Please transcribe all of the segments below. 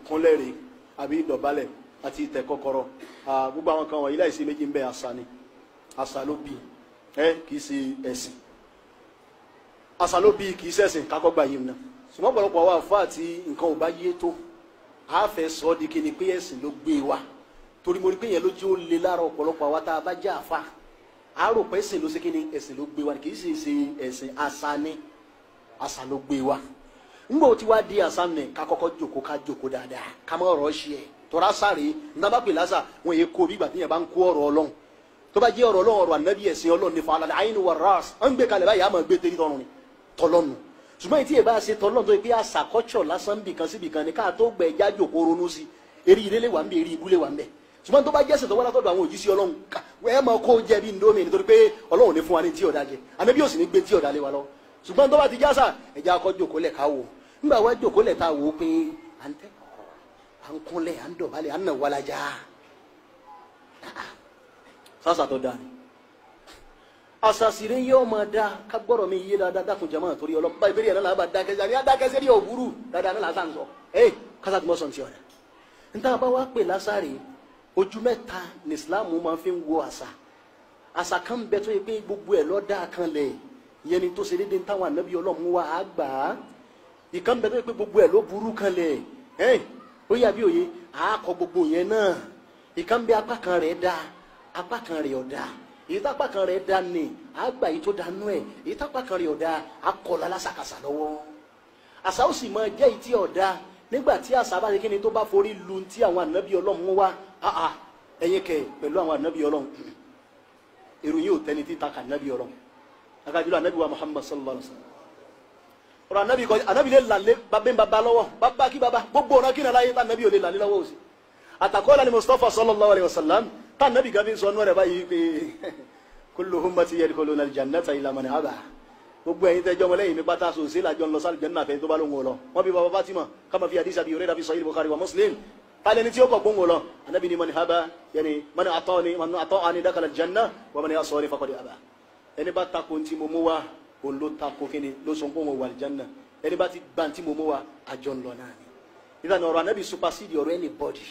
ìkúnlẹ̀ rèé àbí ìdọ̀bálẹ̀ àti ìtẹ̀ kọ́kọ́rọ́ gbogbo àwọn kan wọ̀nyí láìsí méjì ń bẹ àṣà ni àṣà ló bí ẹ kì í ṣe ẹ̀sìn àṣà ló bí kì í ṣẹ̀sìn kákọ́gbà yìí nà ṣùgbọ́n ọ̀pọ̀lọpọ̀ àwọn àfa àti nǹkan ò bá yé tó a fẹ́ sọ ọ́ di kí ni pé ẹ̀sìn ló gbé wa torí mo rí pé yẹn ló jẹ́ ó le lára ọ̀pọ̀lọpọ̀ àwa tá a bá jẹ́ àfa a rò pé ẹ̀sìn ló ṣe kí ni ẹ̀sìn ló gbé wa kì í ṣe ẹ̀sìn àṣà ni àṣà ló gbé wa ngbà ó ti wá di àsánẹ ká kọ́kọ́ jókòó ká jókòó dáadáa ká má ọ̀rọ̀ ṣe ẹ e. tọ́ra sáré nígbà pè lásà wọn yẹ e kó bí gbà téèyàn bá ń kó ọ̀rọ̀ Ọlọ́run tó bá jẹ́ ọ̀rọ̀ Ọlọ́run ọ̀rọ̀ ànábì ẹ̀sìn Ọlọ́run ní falẹ̀ àyínú wa ras ń gbé kalẹ̀ báyìí àmọ́ gbé tẹ́lí tọrùn ni tọlọ́nu ṣùgbọ́n ètí ìbá e ṣe tọlọ́nu tó yẹ pé àṣà kọ́tsọ̀ lásán bìkan síbìkan ni káà tó gbẹ jájò kó ronú sí eré ilé lè wà ń bẹ eré ibú lè wà ń bẹ ṣùgbọ́n tó bá jẹ́ sètò wọlé àtọ́dọ̀ àwọn òjíṣẹ́ ọlọ́run ẹ máa kó jẹ bí ndomi nítorí wa ní tí ọ̀dà jẹ àmì bí ó sì ní tó bá ti jásà ẹ̀já akọ́jọ́ kó lẹ̀ ká wò nígbà wá jòkó lẹ̀ tá a wò ó pé à ń tẹ́kọ̀ọ́ à ń kúnlẹ̀ à ń dọ̀bálẹ̀ da ń nà wàlájà sásà tó dáa ni àsàsìrè yé ọmọ da kagbọ́rọ̀ mi yé dáadáa dákun jama torí ọlọ́pàá ìbéèrè yẹn lọ́la bá dákẹ́sẹ́ àbí adákẹ́sẹ́ rí òwúrú dáadáa náà lásán sọ ẹ kásá tó mọ sọ ti ọ̀rẹ́ níta bá wá pè lásàrè ojú mẹ́ta ní Islam máa fi wo àṣà àṣà kan bẹ tó yẹ pé gbogbo ẹ̀ lọ́dà kan lẹ̀ yẹn ni tó ṣe déédéé táwọn ànábì Ọlọ́run wá àgbà ìkan bẹ́ẹ̀ pé gbogbo ẹ̀ ló burú kan lẹ̀ ẹ́n ó yà bí òye àákọ gbogbo yẹn náà ìkan bẹ́ẹ̀ apá kan rẹ̀ dáa apá kan rẹ̀ ọ̀dà èyí tápá kan rẹ̀ dáa nì àgbà yìí tó dáa nú ẹ̀ èyí tápá kan rẹ̀ ọ̀dà akọlọ alásàkàsà lọ́wọ́ àṣà ó sì máa jẹ́ èyí tí ọ̀dà nígbà tí àṣà bá ṣe kí ni tó bá forí lu ti àwọn ànábì ọlọ́run wá àà ẹ̀yin kẹ̀ pẹ̀lú àwọn ànábì ọlọ́run ìròyìn ò tẹ́ni títa kà ànábì ọlọ́run akájúlọ ànábì wa Muhammad sallallahu alaihi wa sallam ọ̀rọ̀ anabi kọjá anabi lè làlé bẹ́ẹ̀ bàbá lọ́wọ́ bàbá kí bàbá gbogbo ọ̀nà kí nàlàyé tá anabi ò lè làlé lọ́wọ́ òsì àtàkọ́lá ni mustapha sallallahu alayhi wa sallam tá anabi gàbí sọ nù rẹ̀ báyìí pé kullu ummati yadkhuluna al-jannata illa man aba gbogbo ẹ̀yin tẹ́jọ́ ọmọ lẹ́yìn mi pátá so ṣe làjọ ń lọ sálì jẹ́nà àfẹ́yìn tó bá lóhùn lọ wọ́n bí bàbá Fatima káma fi àdìsá bí yorùbá fi sọ yìí Bukhari wa Muslim tálẹ̀ ní tí ó kọ̀ gbóhùn lọ anabi ni mani haba yẹni mani atọ́ ni mani atọ́ ani dakala janna wa mani asọ́ ni fakọ́dé haba ẹni bá takò ntí mo mú wa òun ló ta ko kíni ló sọ pé òun wà àlìjánná ẹni bá ti gba ntí mo mú wa àjọ ńlọ náà ni ìdáná ọ̀rọ̀ anábì supasidi ọ̀rọ̀ ẹni bọ́dì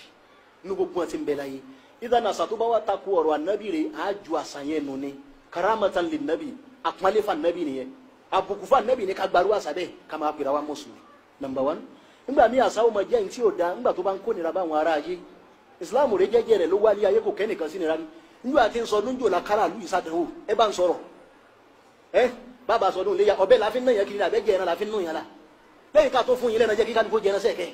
inú gbogbo àti ńbẹ láyé ìdáná àṣà tó bá wà ta ko ọ̀rọ̀ anábì rè àjò àṣà yẹn nù ni karamatan lè nàbì àpọ́nlé fa nàbì nìyẹn àbùkù fa nàbì ni ká gbarú àṣà bẹ́ẹ̀ ká máa pèrè àwa mùsùlùmí number one nígbà míì àṣà ó máa jẹ́ ní tí ò da nígbà tó bá ń kó nira báwọn ará ayé islam rẹ jẹjẹ rẹ ló wálé ayé kò kẹ́nìkan sí nira ní nígbà tí ń sọ lóúnjò làkàrà lùyìí sádẹ́wò ẹ bá ń sọ̀rọ̀ ẹ bàbá sọdún léyà ọbẹ̀ láfi náà yẹn kiri àbẹ́ jẹ ẹran láfi nù yẹn la lẹ́yìn ká tó fún yín lẹ́nu jẹ́ kí kálukú jẹ ẹran sẹ́ẹ̀kẹ́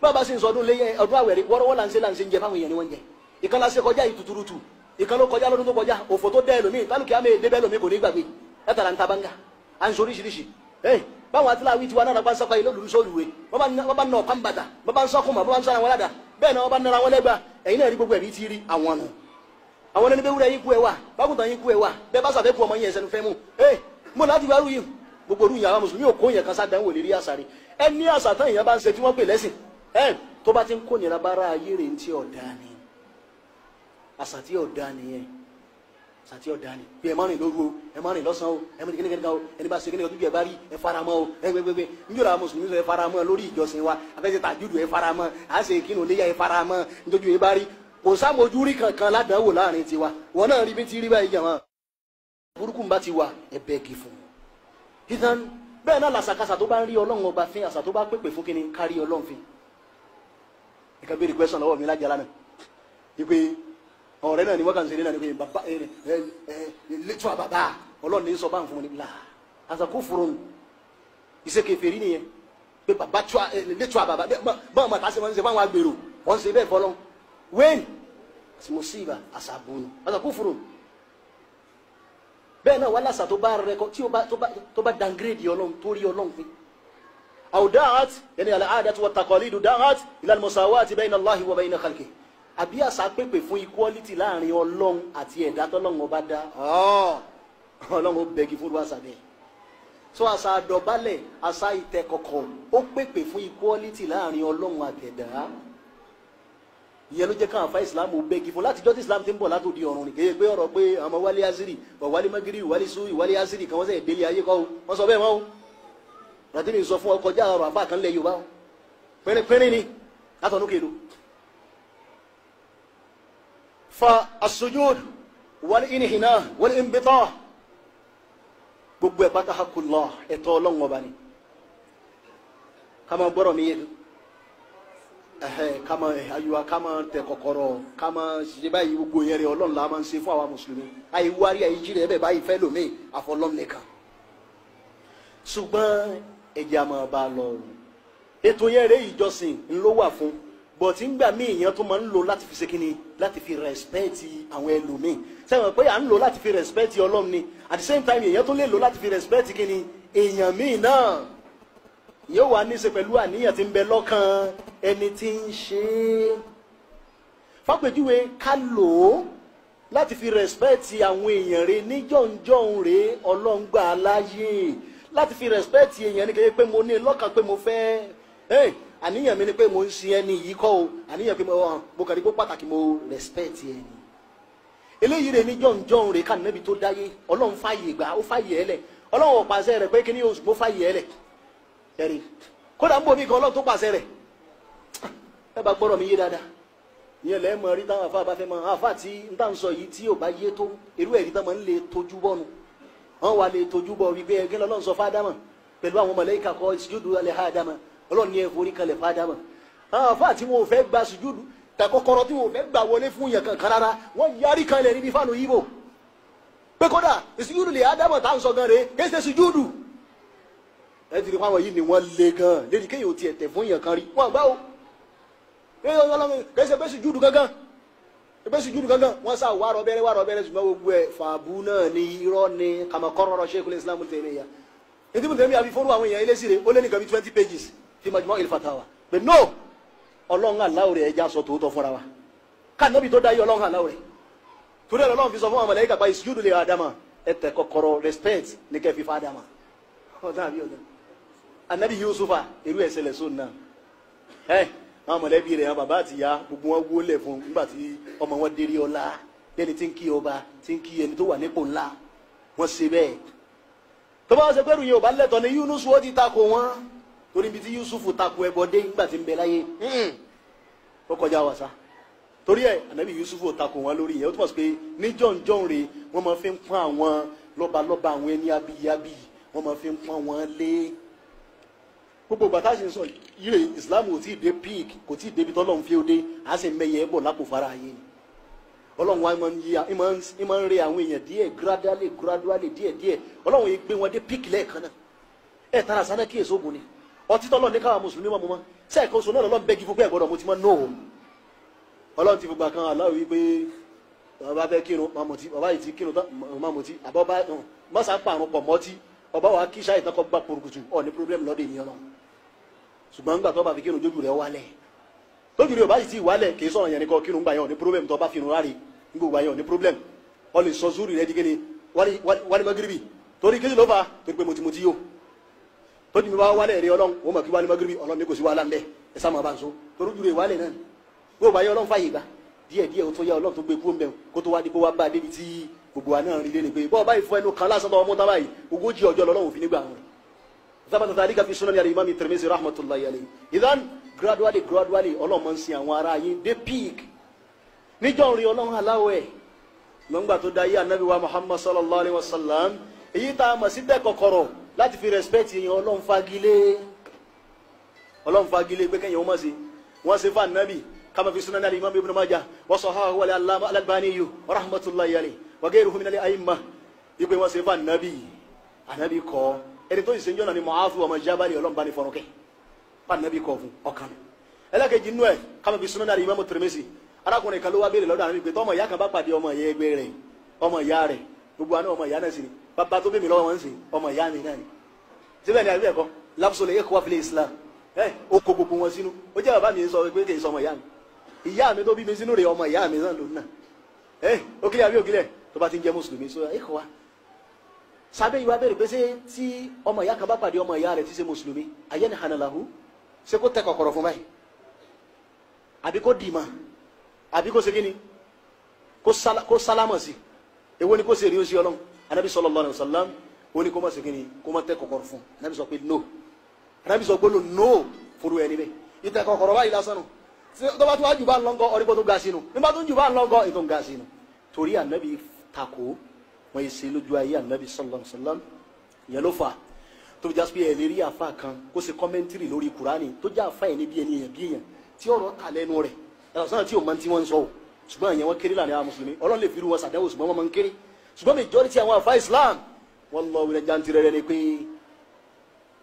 bàbá sì ń sọdún léyà ọdún àwẹ̀rẹ̀ wọ́rọ́wọ́ là ń ṣe là ń ṣe ń jẹ fáwọn èèyàn ni wọ́n ń jẹ ìkànnà ṣe kọjá ìtuturutu ìkan ló kọjá lọ́dún tó kọjá òfò tó dẹ́ ẹlòmíì tálùkì àmì èdèbẹ́ ẹlòmíì kò ní gbàgbé ẹ̀tàrà ń tabanga à ń sọ oríṣiríṣi ẹ̀ báwọn àti láwí tiwa náà bá ń sọ́kọ yìí lólu sóòlùwé wọ́n bá ń nà ti rí àwọn nù àwọn ẹni bẹ́ẹ̀ wúrẹ́ yín mo láti wá rú yìí gbogbo orú ìyàwó mùsùlùmí òkó yẹn kan sádánwò lérí àṣàrí ẹ ní àṣà tán bá ń ṣe tí wọ́n pè lẹ́sìn ẹ tó bá ti ń kó nira bára ayé rẹ̀ ń tí ọ̀dà ni àṣà tí ọ̀dà nìyẹn àṣà tí ọ̀dà ni bí ẹ má rìn lóru o ẹ má rìn lọ́sàn o ẹ má rìn kíni kíni o ẹni bá ṣe kíni ojú ẹ bá rí ẹ faramọ́ o ẹ gbẹgbẹgbẹ níjọ́ la mùsùlùmí sọ ẹ faramọ́ lórí ìjọsìn wa abẹ́sẹ̀ tàjúdù ẹ faramọ́ à ń ṣe kíni òléyà ẹ faramọ́ nítorí ẹ bá rí kò sámojú rí kankan ládàáwò láàrin tiwa wọn náà rí bí ti rí báyìí jàmọ́ burúkú bá ti wà ẹ̀bẹ̀ kì fún un ìtàn bẹ́ẹ̀ náà làṣàkáṣà tó bá ń rí ọlọ́run ọba fín àṣà tó bá pèpè fún kínní kárí ọlọ́run fín nǹkan bí rìkwẹ́sàn lọ́wọ́ mi lájàlá náà ìpè ọ̀rẹ́ náà ni wọ́n kàn ṣe ní náà ni pé bàbá ẹ ẹ ẹ létò àbàbà ọlọ́run ní sọ bá ń fún mi níbi là àṣàkó fòrò ìṣèkèfèrí nìyẹn pé bàbá létò àbàbà báwọn máa tàṣe wọn ṣe báwọn agbèrò wọn ṣe bẹ́ẹ̀ fọlọ́ wẹ́ẹ̀n bẹ́ẹ̀ náà wà lásà tó bá rẹ kọ tí ó bá dangrèdì ọlọ́run torí ọlọ́run pé àwọn dáhàt yẹn ni al-aadatu wat-taqalidu dáhàt ila al-musawati bayna Allahi wa bayna àbí àṣà pèpè fún equality láàrin ọlọ́run àti ẹ̀dá tọ́lọ́run ọba dá ọlọ́run ó bẹ̀gì fún wàṣà bẹ́ẹ̀ so àṣà àdọ̀bálẹ̀ àṣà ìtẹ̀kọ̀kọ̀ ó pèpè fún equality láàrin ọlọ́run àtẹ̀dá. ìyẹn ló jẹ́ káwọn àfa islam bẹ́ẹ̀gì fún láti jọ́sí islam ti ń bọ̀ láti òdi ọ̀run nìkan yẹ pé ọ̀rọ̀ pé ọmọ wálé aziri ọ̀wálé magiri ìwálé su ìwálé aziri kan wọ́n sẹ̀ délé ayé kọ́ wọ́n sọ bẹ́ẹ̀ wọ́n o ràtìmí sọ fún ọkọ̀ já ọ̀rọ̀ kan lẹ̀ yorùbá o pínrínpínrín ni látọ̀nù fa gbogbo ẹ̀ pátá ẹ̀tọ́ kama ayiwa kama tẹ kọ́kọ́rọ́ kama ṣe báyìí gbogbo yẹn rẹ Ọlọ́run la máa ń ṣe fún àwa mùsùlùmí a wárí àyè jí rẹ bẹ́ẹ̀ báyìí fẹ́ lómi àfọlọ́run nìkan ṣùgbọ́n ẹjẹ àmọ bá a lọ rùn ètò yẹn rẹ ìjọsìn ńlọ wà fún bọ̀tí ńgbà míì yẹn tó máa ń lò láti fi ṣèkínni láti fi rẹ̀spẹ́ẹ̀tì àwọn ẹlòmíì sẹ́wọ̀n pé à ń lò láti fi rẹ̀spẹ́ẹ̀tì Ọlọ́run at the same time èèyàn tó lè lò láti fi rẹ̀spẹ́ẹ̀tì kínni èèyàn míì náà yóò wá ní í ṣe pẹ̀lú àníyàn tí ń bẹ lọ́kàn ẹni tí ń ṣe é fàpèjúwe ká lò ó láti fi rẹ̀spẹ́ẹ̀tì àwọn èèyàn rẹ̀ níjọ́njọ́n rẹ̀ ọlọ́ngbà aláyè láti fi rẹ̀spẹ́ẹ̀tì èèyàn ní kéde pé mo ní lọ́kàn pé mo fẹ́ ẹ́ àníyàn mi ni pé mo ń sin ẹni yìí kọ́ o àníyàn pé mo oh, kàn ní pé pàtàkì mo rẹ̀spẹ́ẹ̀tì ẹni eléyìí rẹ̀ níjọ́njọ́n rẹ̀ kànínábi tó dáyé ọlọ́run fàyè gbà ó fàyè ẹlẹ̀ ọlọ́run ọ̀pàṣẹ rẹ̀ pé kíní oṣù mo fàyè ẹlẹ̀ ẹ̀rí kódà ń bò mí kan ọlọ́run tó pàṣẹ rẹ̀ ẹ bá gbọ́dọ̀ mi yé dáadáa ìyẹn lẹ́ẹ̀ mọ̀ rí táwọn afáàbá fẹ́ mọ afá tí n tà ń sọ yìí tí ò bá yé tó irú ẹ̀rí tán máa ń lè tojú bọ́nu wọ́n wà lè tojú bọ́ wípé ẹgbẹ́ lọ́lọ́run sọ fáadámà pẹ̀lú àwọn mọ̀lẹ́kà kọ́ ìsìjúdù alẹ́ háadámà ọlọ́run ní ẹ̀fọ́ orí kalẹ̀ fáadámà àwọn afá tí wọn ò fẹ́ gba sùjúdù ta tí wọn ò fẹ́ gbà wọlé fún yẹn kankan rárá wọ́n yarí kalẹ̀ níbi fáànù yíbò pé kódà ìsìjúdù lè háadámà tá à ń sọ gan rèé kéṣe sùjúdù ẹ ti rí pàwọn yìí ni wọ́n le gan lédi kéèyàn ò tiẹ̀ tẹ̀ fún èèyàn kan rí wọ́n gbá o kẹsẹ̀ bẹ́sì júdù gángan bẹ́sì júdù gángan wọ́n sá wà rọ́bẹ́rẹ́ wà rọ́bẹ́rẹ́ ṣùgbọ́n gbogbo ẹ̀ fàbù náà ni irọ́ ni kàmọ́kọ́rọ́rọ́ Sheikhul Islam Taymiyya ètò ìmọ̀ tẹ̀mí àfi fọ́nrú àwọn èèyàn ilé síre ó lé nìkan bí twenty pages fi Majmu' al-Fatawa but no ọlọ́run aláwọ̀ rẹ̀ ẹja sọ tòótọ́ fúnra wa kànábì tó dáyé ọlọ́run aláwọ̀ torí ẹ̀ fi sọ fún àwọn màláíkà pa ìsúdù lè adama respect ní kẹ́ fífa ọ̀dà àbí ọ̀dà anabi yusufa irú ẹ̀ ṣẹlẹ̀ sóun náà ẹ àwọn mọ̀lẹ́bí rẹ̀ àwọn bàbá àti ìyá gbogbo wọn wólẹ̀ fún nígbà tí ọmọ wọn dérí ọlá lẹ́ni tí ń kí ọba tí ń kí ẹni tó wà nípò ńlá wọ́n ṣe bẹ́ẹ̀ tó bá wọn ṣe pẹ́rù yẹn ò bá ni yunus ó ti takò wọn torí ibi tí yusufu takò ẹbọ dé nígbà tí ń bẹ láyé hmm. ó kọjá wàsá torí ẹ ànábì yusufu takò wọn lórí yẹn ó túmọ̀ sí pé ní jọ̀njọ̀n rẹ̀ wọ́n máa fi ń pọ́n àwọn lọ́balọ́ba àwọn ẹni abiyí abiyí máa fi ń pọ́n wọn lé gbogbo ìgbà tá a ṣe ń sọ ire islam ò tí ì dé peak kò tí ì débi tọ́lọ́ ń fi ó dé a sì ń mẹyẹ bọ̀ lápò fara ayé ni ọlọ́run wa ìmọ̀ ń re àwọn èèyàn díẹ̀ gradually gradually díẹ̀ díẹ̀ ọlọ́run yìí gbé wọn dé peak lẹ́ẹ̀kan náà ẹ̀ tara sáná kí èso gùn ni ọtí tọ́lọ́ ní káwọn mùsùlùmí mọ̀ mọ́ mọ́ sẹ́ẹ̀kan oṣù náà lọ́n bẹ́gi fún pé ẹ̀gbọ́dọ̀ mo ti mọ́ nóò ọlọ́run ti fìgbà kan aláwọ̀ wípé bàbá fẹ́ kírun máa mọ̀tí bàbá yìí ti kírun máa mọ̀tí àbọ̀ bá mọ̀sán pààrùn pọ̀ mọ́tí ọba wa kí sáyẹ̀ tán kọ́ gbà pòrùkùtù ọ̀ ní problem lọ́dẹ̀ ènìyàn náà ṣùgbọ́n nígbà tó bá fi kírun jójú rẹ̀ wálẹ̀ lójú rẹ̀ ò bá sì ti wálẹ̀ kì í sọ̀rọ̀ yẹn ni kọ́ kírun gbà yẹn ò ní problem tó bá fi irun ráre gbogbo yẹn ò ní problem ọ lè sọ zúrì rẹ̀ dikini wálé magiribi torí kí ló fà torí pé mutimuti yó tójú mi wá wálẹ̀ rí ọlọ́run wọ́n mọ̀ kí wálé magiribi ọlọ́run ní kò sí wàhálà ńbẹ ẹ sá máa bá ń so torí ojú rẹ̀ wálẹ̀ náà gbogbo yẹn ọlọ́run fàyè gbà díẹ̀ díẹ̀ o tó yá ọlọ́run tó gbé kúrò mbẹ́ kó tó wá dé kó wá bá débi tí gbogbo wa náà rí lé ni pé bọ́ọ̀ báyìí fún ẹnu kan lásán tó ọmọ tá ogójì ọjọ́ lọ́lọ́run òfin nígbà wọn. ثبت ذلك في سنن الإمام الترمذي رحمة الله عليه إذن gradually gradually ọlọ́run máa ń sin àwọn ará yín dé peak níjọ́ orin ọlọ́run aláwẹ̀ lọ́ngbà tó dayé anabi wa muhammad sallallahu alayhi wa sallam èyí tá a mọ̀ sí dẹ́ kọ̀kọ̀rọ̀ láti fi respect yẹn ọlọ́run fagilé ọlọ́run fagilé pé kẹ́yìn ó mọ̀ sí wọ́n ṣe fún anabi kama fi sunan al-imam ibn majah wa sahahu wal allama al-albani alayhi wa ghayruhu min al-a'immah ipe wọ́n ṣe fún anabi anabi kọ́ ẹni tó sì ṣe ń ni Mu'adh ọmọ Jabal ọlọ́mùbá ni fọ̀rọ̀kẹ́ bá nàbí kọ̀ fún ọkàn mi ẹlẹ́kẹ̀jì nú ẹ̀ kámi fi súnmọ́ náà Imam Tirmidhi arákùnrin kan ló wá béèrè lọ́dọ̀ àwọn ìgbé tọ́mọ ìyá kan bá pàdé ọmọ ìyá ẹgbẹ́ rẹ̀ ọmọ ìyá rẹ̀ gbogbo àná ọmọ ìyá náà sì ni bàbá tó bèmí lọ́wọ́ wọn sì ọmọ ìyá mi náà ni síbẹ̀ ni àbí ẹ̀kọ́ lápúsọ̀ lè ẹ̀kọ́ wá fílẹ̀ Islam ẹ̀ ó kó gbogbo wọn sínú ó jẹ́ bàbá mi sọ sábẹ́ yìí wá bẹ̀rẹ̀ pé ṣé tí ọmọ ìyá kan bá pàdé ọmọ ìyá rẹ̀ tí ṣe mùsùlùmí ayé ni hanalahu ṣé kó tẹ kọ̀kọ̀rọ̀ fún báyìí àbí kó dì ma àbí kó ṣe kí ni kó sálámà sí èwo ni kó ṣe rí ó sí ọlọ́run anabi sallallahu alaihi wasallam ó ní kó má ṣe kí ni kó má tẹ kọ̀kọ̀rọ̀ fún anabi sọ pé no anabi sọ gbólóhùn no fúru ẹni bẹ́ẹ̀ ìtẹ kọ̀kọ̀rọ̀ báyìí lásán nù tó bá tó wá jù bá ń lọ́ngọ́ ọ̀rí kó tó ga sínú nígbà tó jù bá ń lọ́ngọ́ wọ́n yìí ṣe lójú ayé ànábì sallam sallam wasallam ìyẹn ló fà tó fi já sí pé ẹ lè rí àfa kan kó ṣe kọ́mẹ́ntìrì lórí kùránì tó jẹ́ àfa yẹn níbi ènìyàn bí èèyàn tí ọ̀rọ̀ ta lẹ́nu rẹ̀ ẹ̀rọ sọ́nà tí o máa ń tí wọ́n ń sọ o ṣùgbọ́n àyẹ̀wò kéré láàrin àwọn mùsùlùmí ọlọ́run lè fi irú wọn ṣàdánwò ṣùgbọ́n wọ́n máa ń kéré ṣùgbọ́n majority àwọn àfa Islam wọ́n lọ wílẹ̀ jantirẹ̀ rẹ̀ ni pé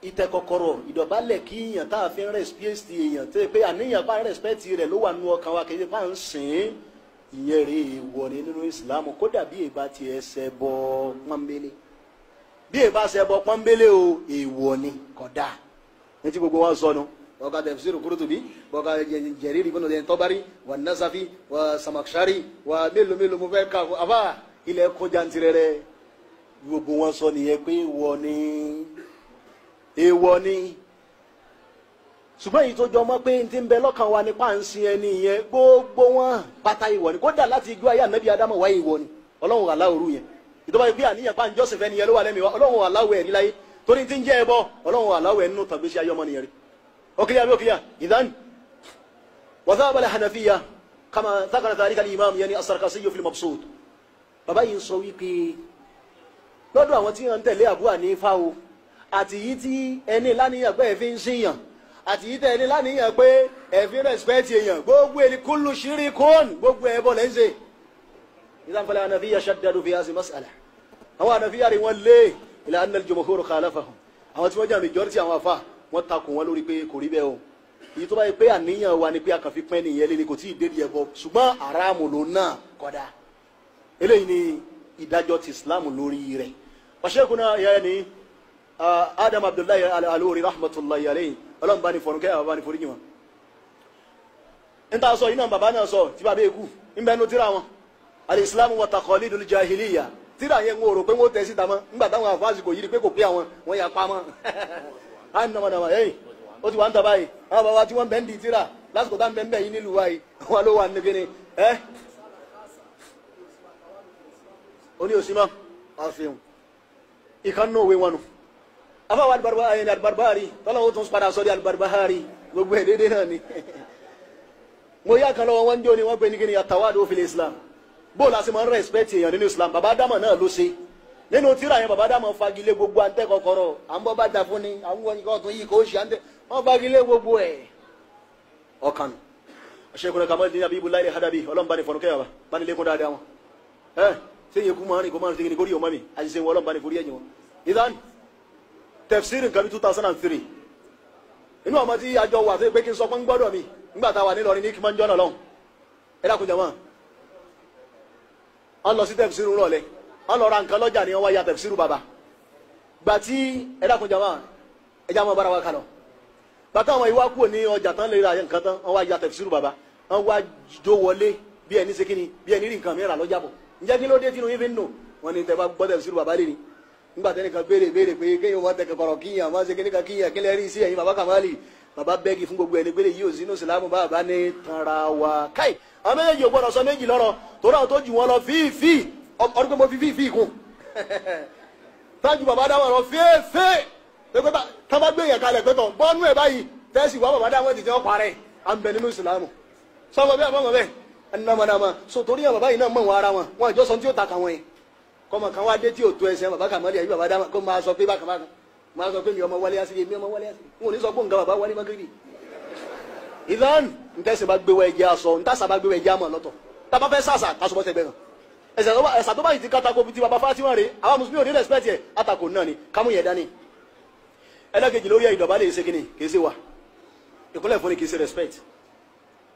ìtẹ́ kọ́kọ́rọ́ ìdọ̀bálẹ̀ kí èèyàn tá a fi ń respect èèyàn tó yẹ pé àníyàn bá respect rẹ̀ ló wà nínú ọkàn wa kì í bá ń sìn ín ìyẹn rí ìwọ ni nínú islam kódà bí èèbá ti ẹsẹ̀ bọ pọ́nbélé bí èèbá ṣe bọ pọ́nbélé o ìwọ ni kódà ní ti gbogbo wa sọnù wọ́n ka tafsir Qurtubi wọ́n ka Jarir ibn Tabari wà Nasafi wà Samakshari wà mélòó mélòó mo fẹ́ kà fún àbá ilẹ̀ kọjá ntirẹrẹ gbogbo wọn sọ nìyẹn pé ìwọ ni ìwọ ni ṣùgbọ́n èyí tó jọ mọ́ pé ti ń bẹ lọ́kàn wa nípa à ń sin ẹni yẹn gbogbo wọn pátá ìwọ ni kódà láti igbó ayé ànábì adamu wáyé ìwọ ni ọlọ́run wà láwòrú yẹn ìjọba bí àníyàn pa àǹjọ́sìn fẹ́ nìyẹn ló wà lẹ́mìí wa ọlọ́run wà láwọ̀ ẹ̀rí láyé torí ti ń jẹ́ ẹbọ ọlọ́run wà láwọ̀ ẹ̀rí nínú tàgbéṣe ayé ọmọ nìyẹn rí ọkìlíyà bí ọkìlíyà ìdán wàzáàbà lẹ kama zákàrà tàrí ìmáàmù àti yìí tẹ̀lé lánìyàn pé ẹ̀fín rẹ̀spẹ̀tì èèyàn gbogbo èlì kúlù ṣírí kún gbogbo ẹ̀ bọ̀ lẹ́sẹ̀ ìsànfàlẹ̀ ànàfíyà ṣàdàdù fi àṣì mas'ala àwọn ànàfíyà rí wọn lé ila anna al-jumhur khalafahum àwọn tí wọ́n jẹ́ majority àwọn afa wọ́n takò wọn lórí pé kò rí bẹ́ẹ̀ o èyí tó bá yẹ pé àníyàn wa ni pé a kàn fi pẹ́ nìyẹn lé ni kò tí ì dédi ẹ̀bọ ṣùgbọ́n aráàmù ló náà kọ́dà eléyìí ni ìdájọ́ ti Islam lórí rẹ̀ wàṣẹ́kùnà yẹn ni Adam Abdullahi Al-Aluri alayhi ọlọ́run bá ní fọ̀rùn kẹ́yà bá ní foríjì wọn níta sọ iná bàbá náà sọ tí bàbá èkú ńbẹ́nu tíra wọn alìsílámù wa taqalidul jahiliya tíra yẹn ń rò pé wọ́n tẹ̀ síta mọ́ nígbà táwọn àfáàsì kò yí pé kò pé àwọn wọ́n yà pa mọ́ á nà wọn nà wọn ẹ̀yìn ó ti wà ń tàbá yìí àwọn bàbá tí wọ́n bẹ́ẹ̀ ń di tíra lásìkò tá ń bẹ́ẹ̀ ń bẹ́ẹ̀ afáwọn alibarbahari tọ́lọ́wọ́ tún padà sọ di alibarbahari gbogbo ẹ̀ déédéé náà ni mo yá kan lọ́wọ́ wọn ń jó ni wọ́n pe ní kí ni àtàwádò islam bóòlù àti mọ̀ ń rẹ́spẹ̀tì èèyàn nínú islam Baba dámọ̀ náà ló ṣe nínú tíra yẹn bàbá dámọ̀ fagilé gbogbo àǹtẹ̀ kọkọrọ à ń bọ́ bá dà fún ni àwọn ọ̀nìkan ọ̀tún yìí kò ṣe àǹtẹ̀ wọ́n fagilé gbogbo ẹ̀ ọkàn ṣẹkùnrin kàmọ́ ìdíyà bíi ibùláyé hadabi ọlọ́mbani fọ̀nùkẹ́ yàrá bani lẹ́kùn dáadáa wọn ẹ ṣé yẹ kú mọ́ tẹfsiri nǹkan bí two thousand and three inú ọmọ tí ajọ wà tó yẹ mi nígbà tá a wà nílọrin ní kí n máa ń jọ́nà lọ́hùn ẹ lọ sí tẹfsiri rọlẹ lọ ra ni wọn wá ya tẹfsiri bàbá gbà tí ẹ dákun jàmá ẹ já mọ bára wa kà lọ bàtà àwọn ìwá kúrò ní ọjà tán lè ra tán wọn wá ya tẹfsiri baba wọn wá jó wọlé bí ẹni ṣe ni bí ẹni rí ǹjẹ́ kí ló dé tí inú yín fi ń nù nígbà tẹ́ni kan béèrè béèrè pé kéèyàn wá tẹ̀kẹ̀ kọ̀rọ̀ kíyàn wá ṣe kíníkan kíyàn kílẹ̀ rí sí ẹ̀yin bàbá Kamali bàbá bẹ́ẹ̀gì fún gbogbo ẹni pé yìí ò sínú ìsìlámù bàbá ní tanra wa káì àwọn méjèèjì ò gbọ́dọ̀ sọ méjì lọ́rọ̀ torí àwọn tó jù wọn lọ fífi ọdún pé mo fi fífi kún tájú bàbá dáwọn lọ fífi pé tá bá gbé yẹn kalẹ̀ pé tán bọ́nú ẹ̀ báyìí tẹ́sí wá bàbá dáwọn ti jẹ́ ọ̀parẹ́ à ń bẹ nínú ìsìlámù sọ́mọ bẹ́ẹ̀ mọ́mọ bẹ́ẹ̀ ẹni náà mọ̀ náà mọ̀ so torí àwọn bàbá yìí náà mọ̀ wọn ara wọn wọn àjọsọ tí ó ta kà wọn kọ́mọ kan wá dé tí ò tó ẹsẹ̀ bàbá kàmọ́lì àbí bàbá dáhùn kó máa sọ pé bákan bákan máa sọ pé mi ọmọ wálé àṣírí mi ọmọ wálé àṣírí n ò ní sọ pé nǹkan bàbá wálé mọ́kìrì. ìdán ntẹ́sẹ̀ bá gbé wa ẹ̀jẹ̀ aṣọ ntàṣà bá gbé wa ẹ̀jẹ̀ àmọ̀ lọ́tọ̀ tábà fẹ́ sàṣà kásùbọ̀ tẹ̀gbẹ́ kan ẹ̀sà tó bá yìí ti katako ti bàbá Fatima rè àwọn mùsùlùmí ò ní respect yẹ àtakò náà ni kámú yẹn dání ẹlẹ́kejì lórí ìdọ̀bálẹ̀ ìṣe kìíní kìí ṣe wà ìkúnlẹ̀ fún ni kìí ṣe respect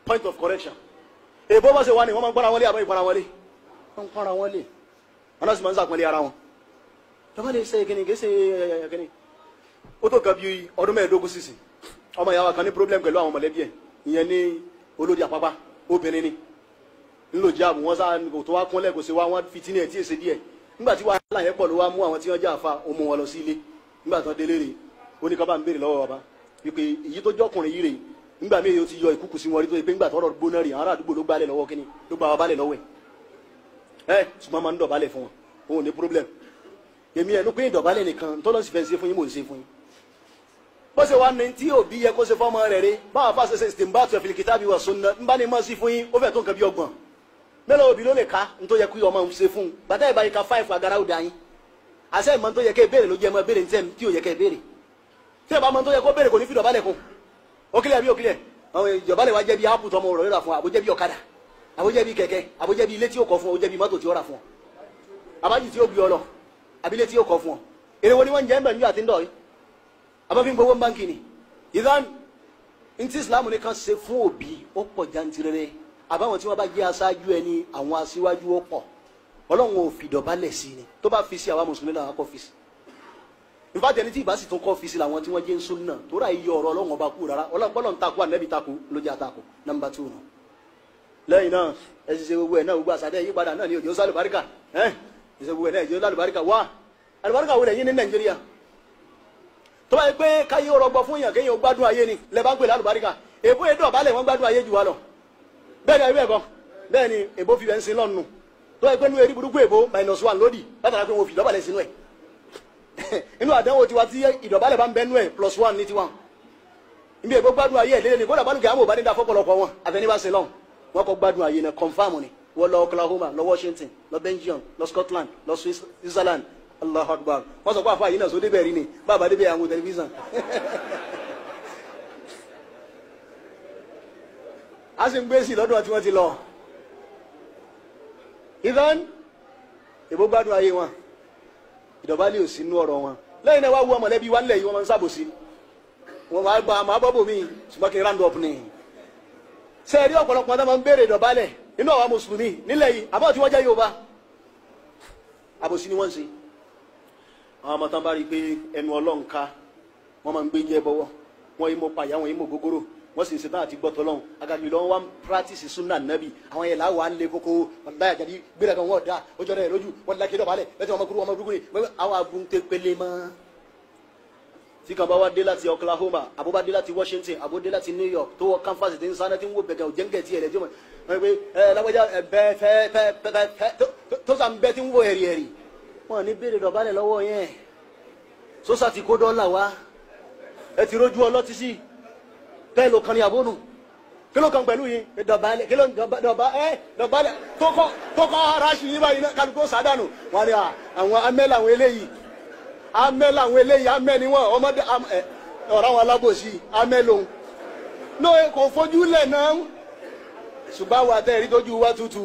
point of correction èbó bá ṣe wà ní wọ́n máa ń gbára wọlé àbọ̀ ìgbára wọlé wọ́n ń gbára wọlé wọn náà sì máa ń sàpọ́nlé ara wọn tọ́ba lè ṣe kíni kìí ṣe kíni ó tó kan bí ọdún mẹ́ẹ̀ẹ́dógún sísì ọmọ ìyá wa kan ní problem pẹ̀lú àwọn mọ̀lẹ́bí ẹ̀ ìyẹn ní olódì àpápá obìnrin ni ńlò jáàbù wọn sá kò tó wá kúnlẹ̀ kò sí wá wọn fi tí ní ẹ̀ tí èsè díẹ̀ nígbà tí wàhálà yẹn pọ̀ ló wá mú àwọn tí wọ́n já àfa ó mú wọn lọ sí ilé nígbà tó délé rè ó ní ń béèrè lọ́wọ́ bàbá wípé èyí tó jọ́kùnrin yìí rè nígbà míì ó ti yọ ìkúkù sí wọn rí tó yẹ nígbà tó gbóná rè àwọn àdúgbò ló gbálẹ̀ lọ́wọ́ kíni ló gba wa bálẹ̀ lọ́wọ́ ẹ̀ ẹ ṣùgbọ́n máa ń dọ̀bálẹ̀ fún wọn òun ní problem èmi ẹnu pé ìdọ̀bálẹ̀ nìkan tó lọ sí fẹ́ ṣe fún yín mò ń ṣe fún yín bó ṣe wá ní tí òbí yẹ kó ṣe fọ́mọ rẹ̀ rí báwa fà ṣe ṣe ṣe tìǹbà tó ẹ̀fìlìkìtà bí wà sunna ń bá ní mọ́ sí fún yín ó fẹ́ tó nǹkan bí ọgbọ̀n mélòó òbí ló lè ka ní tó yẹ kó ọmọ ṣe fún un bàtà ìbáyé ka fáìfù agara ó da yín àṣẹ ìmọ̀ tó yẹ kẹ́ béèrè ló jẹ́ mọ́ béèrè ní tẹ́mi tí ò yẹ kẹ́ béèrè tí ìbá mọ́ tó yẹ kó béèrè kò ní fi dọ̀bálẹ̀ kún òkìlẹ̀ bí òkìlẹ̀ ìjọba lè wá jẹ́ bí ápù tọmọ rẹ̀ rà fún àbójẹ́ bí ọ̀kadà àbójẹ́ bíi kẹ̀kẹ́ àbójẹ́ bíi ilé tí yóò kọ́ fún ọ àbójẹ́ bíi mọ́tò tí yóò rà fún ọ àbájì tí yóò gbé ọ lọ àbí ilé tí yóò kọ́ fún ọ èrè wo ni wọ́n ń jẹ́ ń bẹ̀ níjọ́ àti ń dọ̀ yìí àbọ̀fin gbowó ń báńkì ni ìdán ntí Islam nìkan ṣe fún òbí ó pọ̀ jantirẹrẹ àbáwọn tí wọ́n bá jẹ́ aṣáájú ẹni àwọn aṣíwájú ó pọ̀ Ọlọ́run ò fìdọ̀bálẹ̀ sí ni tó bá fi sí àwa mùsùlùmí làwọn kọ́ fi sí nfàtí ẹni tí ìbá sì tún kọ́ fi sí làwọn tí wọ́n jẹ́ ń sún náà tó rà iye ọ̀rọ̀ Ọlọ́run ọba kú rárá Ọlọ́run takú ànẹ́bí takú ló àtakú nọ́mbà two náà lẹ́yìn náà ẹ ti ṣe gbogbo ẹ̀ náà gbogbo àṣàdé yí padà náà ní òjò sálùbáríkà ẹ ti ṣe gbogbo ẹ̀ náà ìjọ sálùbáríkà wá àlùbáríkà wo lẹ́yìn ní nàìjíríà tó bá yẹ pé káyé ọrọgbọ fún èèyàn kéèyàn gbádùn ayé ni lẹ bá ń pè lálùbáríkà èbó yẹn dọ̀bálẹ̀ wọ́n gbádùn ayé jù wá lọ bẹ́ẹ̀ ni ẹ̀kọ́ bẹ́ẹ̀ ni èbó fi bẹ́ẹ̀ ń sin lọ́nu tó yẹ pé nínú eré burúkú èbó minus one lódì látara pé wọn fi ìdọ̀bálẹ̀ sínú ẹ̀ inú àdánwò tiwa tí ìdọ̀bálẹ̀ bá ń bẹ́nu ẹ̀ plus one ní tiwa ibi èbó gbádùn ayé ẹ̀ lélẹ́ni kó dàbálùkẹ́ àwọn ò bá ní da fọ́pọ̀lọpọ̀ wọn àfẹnibàṣẹ lọ́hùn wọn kò gbádùn àyè náà confam ni wọ́n lọ Oklahoma lọ Washington lọ Belgium lọ Scotland lọ Switzerland Allahu Akbar wọ́n sọ pé àfa yìí náà sọ débẹ̀ rí ni bàbá débẹ̀ àwọn tẹlifíṣàn. a sì ń gbé sí i lọ́dún àti wọ́n ti lọ. ivan èbó gbádùn ayé wọn ìdọ̀bálẹ̀ ò sí inú ọ̀rọ̀ wọn lẹ́yìn náà wá wú ọmọlẹ́bí wa nílẹ̀ yìí wọ́n máa ń ṣàbòsí wọ́n máa gbà máa bọ́ bòmí ṣùgbọ́n kí n round up nìyí ṣe rí ọ̀pọ̀lọpọ̀ ọ̀dọ́ máa ń béèrè ìdọ̀bálẹ̀ nínú àwa mùsùlùmí nílẹ̀ yìí àbọ̀ tí wọ́n jẹ́ Yorùbá àbòsí ni wọ́n ń ṣe àwọn ọmọ tán bá rí i pé ẹnu Ọlọ́run ká wọ́n máa ń gbé jẹ́ bọ́wọ́ wọ́n yìí mọ pàyà wọ́n yìí mọ gógóró wọ́n sì ń ṣetán àti gbọ́tọ̀ lọ́hùn agagbe lọ́wọ́ wa ń pírátìsì súnà nàbì àwọn yẹn láwa ń lé koko ọ̀dà àjàdí gbéra kan wọ́n dà ó jọra ẹ̀ lójú wọ́n dákẹ́ dọ̀bálẹ̀ lẹ́tọ̀ ọmọkùnrin ọmọkùnrin àwọn abúntẹ́pẹ́lẹ́ máa tí kan bá wá dé láti Oklahoma àbó bá dé láti Washington àbó dé láti New York tó wọ kanfasi tí ń sáná tí ń wò bẹ̀gẹ̀ òjẹ́ǹgẹ̀ tiẹ̀ lẹ́jọ́ mọ̀ ẹ pé ẹ lágbájá ẹ bẹ fẹ fẹ fẹ fẹ tó sà ń tí ń wò ẹ̀rì ẹ̀rì wọn ní béèrè dọ̀bálẹ̀ lọ́wọ́ yẹn sọ́sà ti kó dọ́là wá ẹ ti rójú ọlọ́tí sí bẹ́ẹ̀ ló kan ní àbónú kí ló kan pẹ̀lú yín dọ̀bálẹ̀ kí ló dọ̀bá ẹ dọ̀bálẹ̀ tó kọ́ tó kọ́ ara ṣì yín báyìí kálukó sádànù wọn ni àwọn amẹ́lẹ̀ àwọn eléyìí amẹ́ làwọn eléyìí amẹ́ ni wọ́n ọmọdé ọ̀rọ̀ àwọn alábòsí amẹ́ lòun no kò fojú lẹ̀ náà ṣùgbọ́n àwọn àtẹ̀rí tójú wa tutù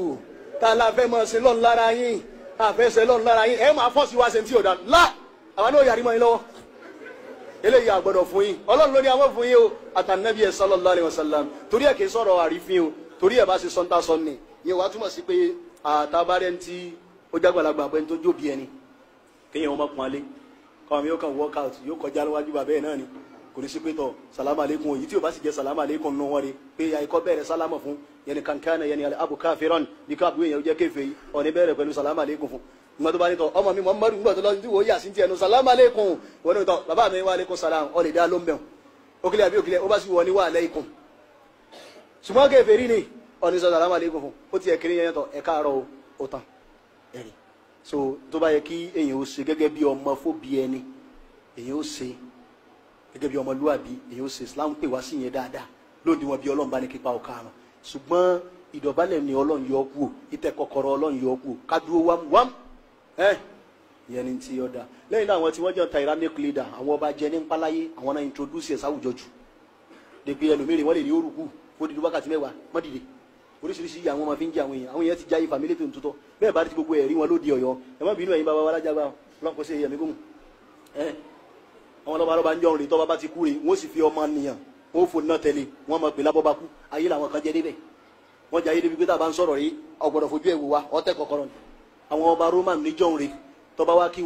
tá a la fẹ́ mọ̀ ṣe lọ́n lára yín àfẹsẹ̀ lọ́n lára yín ẹ máa fọ́ọ̀sì wa ṣe ti ọ̀dà lá àwọn náà yàrá mọ́ yín lọ́wọ́ eléyìí àgbọ̀dọ̀ fún yín ọlọ́run ló ní àwọn fún yín o àtànẹ́bí ẹ sallallahu alaihi wasallam torí ẹ̀ kì í sọ̀rọ̀ o torí ẹ̀ bá ṣe sọ́ńtà sọ́ni ìyẹn wàá túmọ̀ sí pé àtàbárẹ́ ń ti ó jágbàlagbà pé ń tó jóbi ẹni kéèyàn ọmọ pọ́n kọ́mọ yóò kàn work out yóò kọjá lọ́wájú bàbá ẹ̀ náà ni kò ní sí pé tọ̀ salama aleikum yìí tí o bá sì jẹ́ salama aleikum nù wọn re pé àyíkọ́ bẹ̀rẹ̀ salama fún yẹni kankan yẹni abu kafiran bí ká àbúrò yẹn jẹ́ kéfè yìí ọ̀ní bẹ̀rẹ̀ pẹ̀lú salama aleikum fún ŋmọ́tò bá ní tọ̀ ọmọ mi muhammadu ŋgbà tó lọ sí wo yàtí tiẹ̀ nù salama aleikum wọn ní tọ̀ bàbá mi wà aleikum salam ọ̀ lè dá ló ń bẹ̀ òkìlẹ̀ àbí òkìlẹ̀ ó bá sì wọ ní wà aleikum sùmọ́ kéfèrí ni ọ̀ní sọ salama aleikum fún ó ti ẹ̀ kiri yẹn tọ̀ ẹ̀ káàárọ̀ o tán ẹ̀rì so tó bá yẹ kí èyàn ó ṣe gẹ́gẹ́ bí ọmọ fóbi ẹni èyàn ó ṣe gẹ́gẹ́ bí ọmọlúwàbí èyàn ó ṣe Islam pè wá sí yẹn dáadáa lónìí wọn bí Ọlọ́run bá ní kípa ọ̀ka àrùn ṣùgbọ́n ìdọ̀bálẹ̀ ni Ọlọ́run yọ kú ìtẹ̀ kọ́kọ́rọ́ Ọlọ́run yọ kú kádúró wám wám ẹ̀ ìyẹn ni ti ọ̀dà lẹ́yìn náà àwọn tí wọ́n jẹ́ tyrannic leader àwọn ọba jẹ ní npaláyé àwọn náà introduce ẹ̀ sáwùjọ jù dègbé ẹlòmíràn wọ́n lè ní orúkú ó dìde wákàtí mẹ́wàá mọ́dìde oríṣiríṣi àwọn ọmọ fi ń jẹ àwọn èèyàn àwọn èèyàn ti jáyé fàmílì tó ń tutọ́ bẹ́ẹ̀ bá ti gbogbo ẹ̀rí wọn lóde ọ̀yọ́ ẹ má bínú ẹ̀yin bàbá wa lájàgbá lọ́nkọ́ sí ẹ̀mí gómù ẹ̀ àwọn lọ́ba lọ́ba ń jọ rìn tọ́ba bá ti kú rè wọ́n sì fi ọmọ nìyàn wọ́n fò náà tẹ̀lé wọ́n mọ̀ pé lábọ́ bá kú ayé làwọn kan jẹ débẹ̀ wọ́n jáyé débi pé tá a bá ń sọ̀rọ̀ yìí ọ̀gbọ̀dọ̀ fojú ẹ̀ wò wa ọ̀tẹ̀ kọ̀kọ̀rọ̀ ni àwọn ọba Roman níjọ́ rè tọ́ba wá kí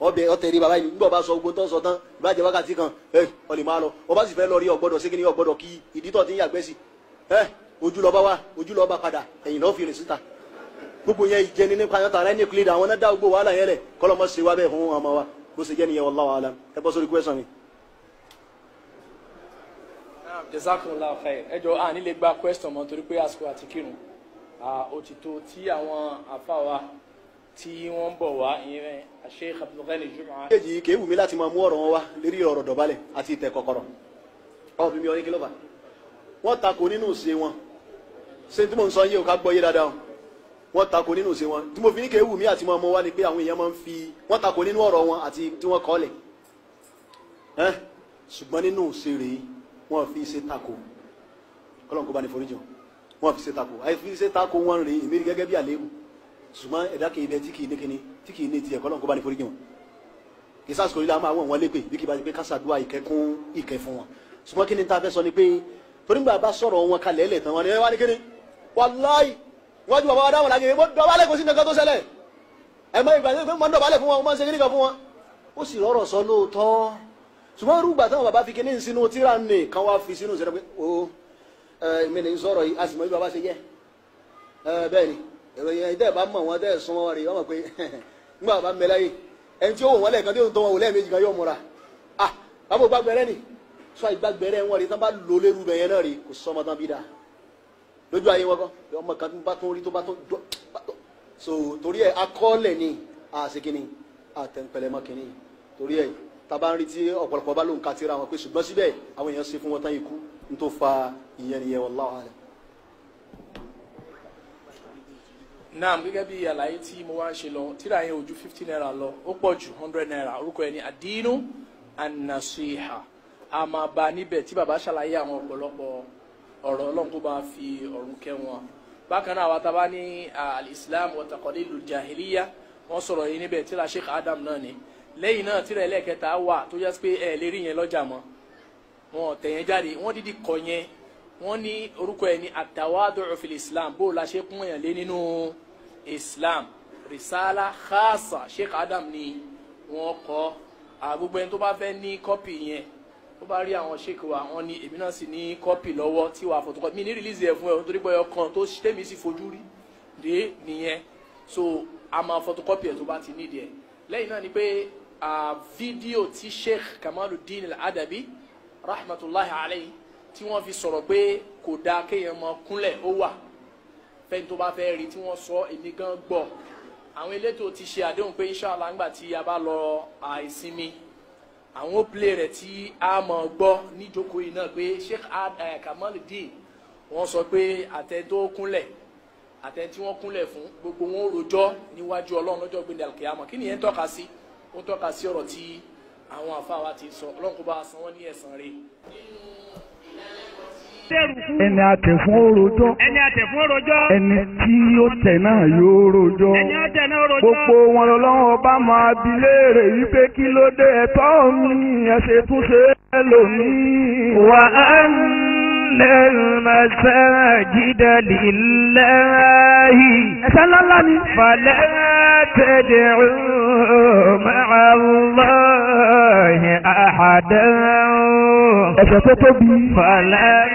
ọbẹ̀ ọtẹ̀rí baba yìí nígbà ọba sọ ogun tó sọ tán ìbàjẹ́ wákàtí kan ẹ ọ lè máa lọ ọba sì fẹ́ lọ rí ọgbọ́dọ̀ sí kíni ọgbọ́dọ̀ kí ìdítọ̀ tí ń yàgbẹ́ sí ẹ ojú lọ́ba wá ojú lọ́ba padà ẹ̀yìn lọ́ọ́ fi rìn síta gbogbo yẹn ìjẹni nípa yọta ara ẹni kìlìdà àwọn náà dá gbogbo wàhálà yẹn lẹ kọlọmọ ṣe wá bẹ́ẹ̀ fún ọmọ wa bó ṣe jẹ́ nìyẹn wallahu alam ẹ bọ́ sórí kwẹ́sàn mi. jazakumullahu khair ẹ jọ a nílé gba kwẹ́sàn mọ́ torí pé àsìkò àti kírun ó ti tó tí àwọn àfa wa tí wọ́n ń bọ̀ wá ìyẹn Sheikh Abdulghani Jum'ah. ṣé èyí kéwù mi láti máa mú ọ̀rọ̀ wọn wá lérí ọ̀rọ̀ dọ̀bálẹ̀ àti ìtẹ̀ kọ̀kọ̀rọ̀ ọ̀ bí mi ọ̀rẹ́ kìlọ́fà wọ́n takò nínú ìṣe wọn ṣé tí mò ń sọ yé o ká gbọ́ yé dáadáa o wọ́n takò nínú ìṣe wọn tí mo fi ní kéwù mi àti máa mọ wá ni pé àwọn èèyàn máa ń fi wọ́n takò nínú ọ̀rọ̀ wọn àti tí wọ́n kọ́lẹ̀ ṣùgbọ́n nínú ìṣe rèé wọ́n fi ṣe takò kọ́lọ́n ṣùgbọ́n ẹ̀dá kì í dẹ tí kì í ní kíní tí kì í ní tiẹ̀ kọ́lọ́n kó bá ní forí jìn wọn kì í sásìkò líla àwọn àwọn lépè bí kì í bá ti pé kásádùá fún wọn ṣùgbọ́n kí ni ta fẹ́ sọ ni pé torí gbà bá sọ̀rọ̀ wọn kalẹ̀ ẹ̀lẹ̀ tán wọn ni ẹ wá ní kíní wàláì wọ́n ju bàbá wa dáhùn lágbègbè mo dọ̀bálẹ̀ kò sí nǹkan tó ṣẹlẹ̀ ẹ mọ ìgbà pé mo ń dọ̀bálẹ̀ fún wọn mo ń ṣe fún wọn ó sì rọrọ̀ sọ lóòótọ́ ṣùgbọ́n rúgbà táwọn bàbá ìròyìn ẹ̀dẹ́ bá mọ̀ wọn tẹ́ẹ̀ súnmọ́ rẹ̀ wọ́n mọ̀ pé nígbà bá mẹ́lẹ́ yìí ẹni tí ó wò wọ́n lẹ́ẹ̀kan tí ó ń tọ́ wọn wò lẹ́ẹ̀mejì kan yóò múra à ah, bábò gbàgbẹ́rẹ́ nì sọ ìgbàgbẹ́rẹ́ wọn rè tán bá lò lérú bẹ̀yẹn náà rè kò sọmọ tán bí dáa lójú ayé wọn kọ́ ọmọ kan bá tún rí tó bá tún so torí ẹ akọ́ọ̀lẹ̀ ni àṣekínni àtẹnpẹlẹmọkínni torí ẹ tábà ń rí tí ọ̀pọ̀lọpọ̀ bá lóun ká tira wọn pé ṣùgbọ́n síbẹ̀ àwọn èèyàn ṣe fún wọn tán ikú ń tó fa ìyẹn nìyẹn wallahu alam naam gẹ́gẹ́ bí àlàyé tí mo wá ń ṣe lọ tíra yẹn ojú fifty naira lọ ó pọ̀ jù hundred naira orúkọ yẹn ni àdínú ànàṣìhà a máa bá níbẹ̀ tí bàbá ṣàlàyé àwọn ọ̀pọ̀lọpọ̀ ọ̀rọ̀ ọlọ́run bá fi ọ̀run kẹ́ bákan náà àwa tá a bá ní alislam wa taqlidul jahiliya wọ́n sọ̀rọ̀ yìí níbẹ̀ tíra sheikh adam náà ni lẹ́yìn náà tíra ẹlẹ́ẹ̀kẹta wà tó jẹ́ pé ẹ̀ lérí yẹn lọ́jà mọ́ wọn tẹ̀yẹn jáde wọ́n dídí kọ yẹn wọ́n ní orúkọ ẹ̀ ní àtàwádùn fil islam bó o la ṣe kún èèyàn lé nínú islam risala khasa sheikh adam ni wọ́n kọ́ àgbogbo ẹni tó bá fẹ́ ní kọ́pì yẹn tó bá rí àwọn sheikh wa wọ́n ní èmi náà sì ní kọ́pì lọ́wọ́ tí wàá fọ̀tọ̀kọ́ mi ní rìlíìsì ẹ̀ fún ẹ nítorí pé ọkàn tó tẹ̀mí sì fojú rí dé nìyẹn so a máa fọ̀tọ̀kọ́pì ẹ̀ tó bá ti nídìí ẹ̀ lẹ́yìn náà ni pé fídíò tí sheikh kamaluddin al rahmatulahi alayhi tí wọ́n fi sọ̀rọ̀ pé kò dáa kéèyàn mọ kúnlẹ̀ ó wà fẹ́ni tó bá fẹ́ rí tí wọ́n sọ èmi gan gbọ́ àwọn elétò ti ṣe àdéhùn pé inṣàlá ńgbà tí a bá lọ àìsinmi àwọn òpìlẹ̀ rẹ̀ tí a mọ̀ gbọ́ níjókòó yìí náà pé Sheikh eh, Kamaldeen wọ́n sọ pé àtẹ tó kúnlẹ̀ àtẹ tí wọ́n kúnlẹ̀ fún gbogbo wọn rojọ́ níwájú ọlọ́run lọ́jọ́ gbẹ̀dẹ̀ àlùkìyàmọ̀ kí nìyẹn tọ́ka sí ó tọ́ka sí ọ̀rọ̀ tí àwọn àfa wa ti sọ ọlọ́run kó bá san wọ́n ní ẹ̀san rẹ̀. nínú ẹni àtẹ̀ fún òròjọ́ ẹni tí ó tẹ̀ náà yóò rojọ́ gbogbo wọn lọ́wọ́ bá máa bi léèrè wípé kí ló dé ẹ̀tọ́ mi ẹ̀ ṣe tún ṣe é lónìí. wà á المساجد لله فلا تدعوا مع الله أحدا فلا